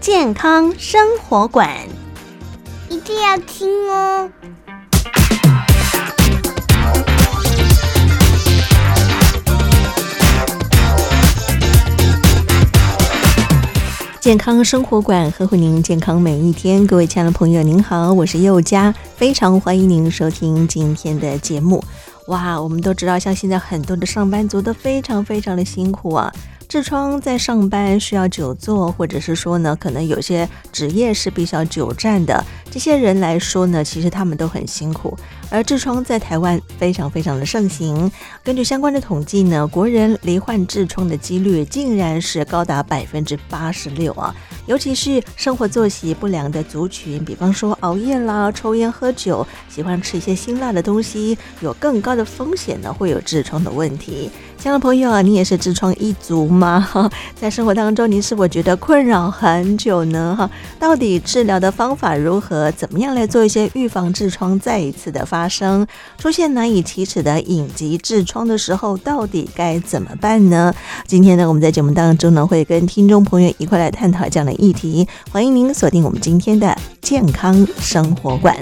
健康生活館，一定要聽哦！健康生活館呵護您健康每一天。各位親愛的朋友，您好，我是佑佳，非常歡迎您收聽今天的節目。哇，我們都知道，像現在很多的上班族都非常非常的辛苦啊。痔瘡在上班需要久坐，或者是說呢，可能有些職業是比較久站的，這些人來說呢，其實他們都很辛苦。而痔瘡在台灣非常非常的盛行，根據相關的統計呢，國人罹患痔瘡的幾率竟然是高達百分之八十六啊。尤其是生活作息不良的族群，比方說熬夜啦、抽菸喝酒、喜歡吃一些辛辣的東西，有更高的風險呢，會有痔瘡的問題。親愛的朋友啊，你也是痔瘡一族嗎？哈， 在生活當中，你是否覺得困擾很久呢？哈，到底治療的方法如何？怎麼樣來做一些預防痔瘡再一次的發生？出現難以啟齒的隱疾痔瘡的時候，到底該怎麼辦呢？今天呢，我們在節目當中呢，會跟聽眾朋友一塊來探討這樣的。議題，歡迎您鎖定我們今天的健康生活館。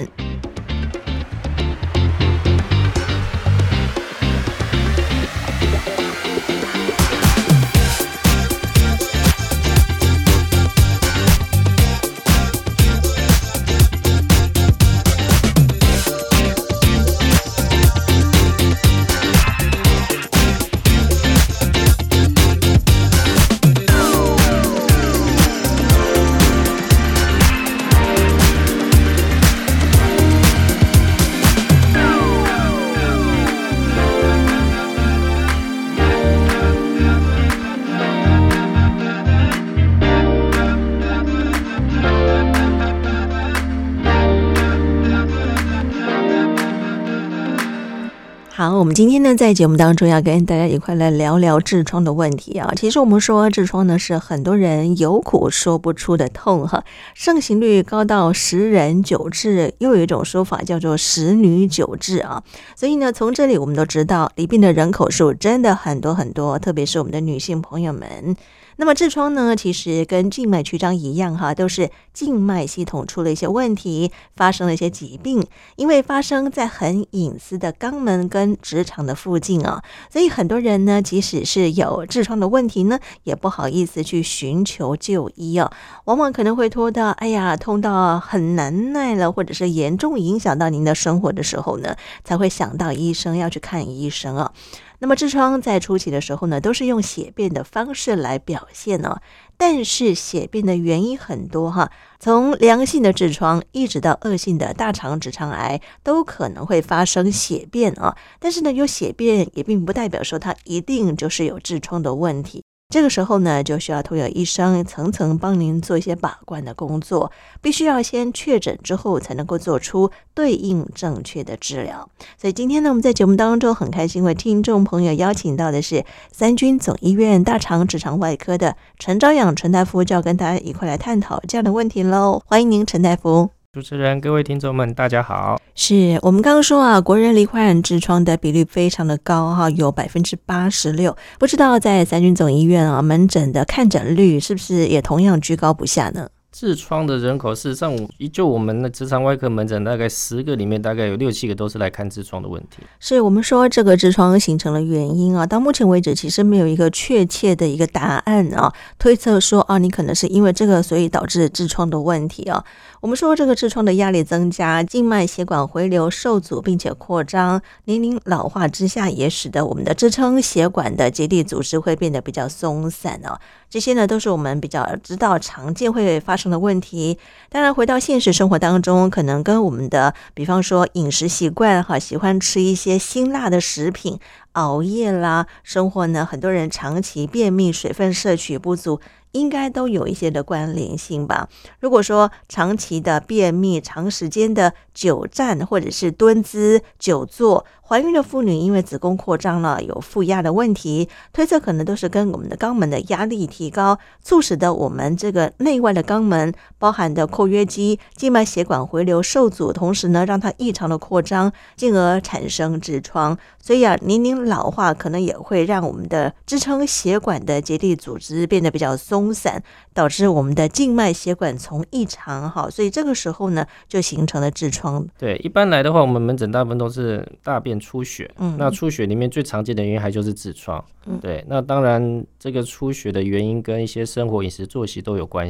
好，我們今天呢，在節目當中要跟大家一塊來聊聊痔瘡的問題啊。其實我們說痔瘡呢，是很多人有苦說不出的痛哈，盛行率高到十人九痔，又有一種說法叫做十女九痔啊。所以呢，從這裡我們都知道，罹病的人口數真的很多很多，特別是我們的女性朋友們。那麼痔瘡呢，其實跟靜脈曲張一樣哈，都是靜脈系統出了一些問題，發生了一些疾病。因為發生在很隱私的肛門跟直腸的附近啊，所以很多人呢，即使是有痔瘡的問題呢，也不好意思去尋求就醫啊。往往可能會拖到，哎呀，痛到很難耐了，或者是嚴重影響到您的生活的時候呢，才會想到醫生要去看醫生啊。那麼痔瘡在初期的時候呢，都是用血便的方式來表現哦。但是血便的原因很多哈，從良性的痔瘡一直到惡性的大腸直腸癌，都可能會發生血便啊。但是呢，有血便也並不代表說它一定就是有痔瘡的問題。這個時候呢，就需要託由醫生層層幫您做一些把關的工作，必須要先確診之後才能夠做出對應正確的治療。所以今天呢，我們在節目當中很開心，為聽眾朋友邀請到的是三軍總醫院大腸直腸外科的陳昭仰陳大夫，就要跟大家一塊來探討這樣的問題嘍。歡迎您，陳大夫。主持人，各位聽眾們，大家好。是我們剛剛說啊，國人罹患痔瘡的比率非常的高哈，有百分之八十六。不知道在三軍總醫院啊，門診的看診率是不是也同樣居高不下呢？痔瘡的人口事實上，就我們的直腸外科門診，大概十個裡面，大概有六七個都是來看痔瘡的問題。是我們說這個痔瘡形成的原因啊，到目前為止其實沒有一個確切的一個答案啊。推測說啊，你可能是因為這個，所以導致痔瘡的問題啊。我們說這個痔瘡的壓力增加，靜脈血管回流受阻，並且擴張。年齡老化之下，也使得我們的支撐血管的結締組織會變得比較鬆散哦。這些呢，都是我們比較知道常見會發生的問題。當然，回到現實生活當中，可能跟我們的，比方說飲食習慣哈，喜歡吃一些辛辣的食品，熬夜啦，生活呢，很多人長期便秘，水分攝取不足。應該都有一些的關聯性吧。如果說長期的便秘，長時間的久站或者是蹲姿，久坐，懷孕的婦女因為子宮擴張了，有腹壓的問題，推測可能都是跟我們的肛門的壓力提高，促使的我們這個內外的肛門包含的括約肌靜脈血管回流受阻，同時呢讓它異常的擴張，進而產生痔瘡。所以啊，年齡老化可能也會讓我們的支撐血管的結締組織變得比較鬆。鬆散導致我們的靜脈血管叢異常哈，所以這個時候呢，就形成了痔瘡。對，一般來的話，我們門診大部分都是大便出血，嗯，那出血裡面最常見的原因還就是痔瘡，嗯，對。嗯，那當然，這個出血的原因跟一些生活飲食作息都有關係。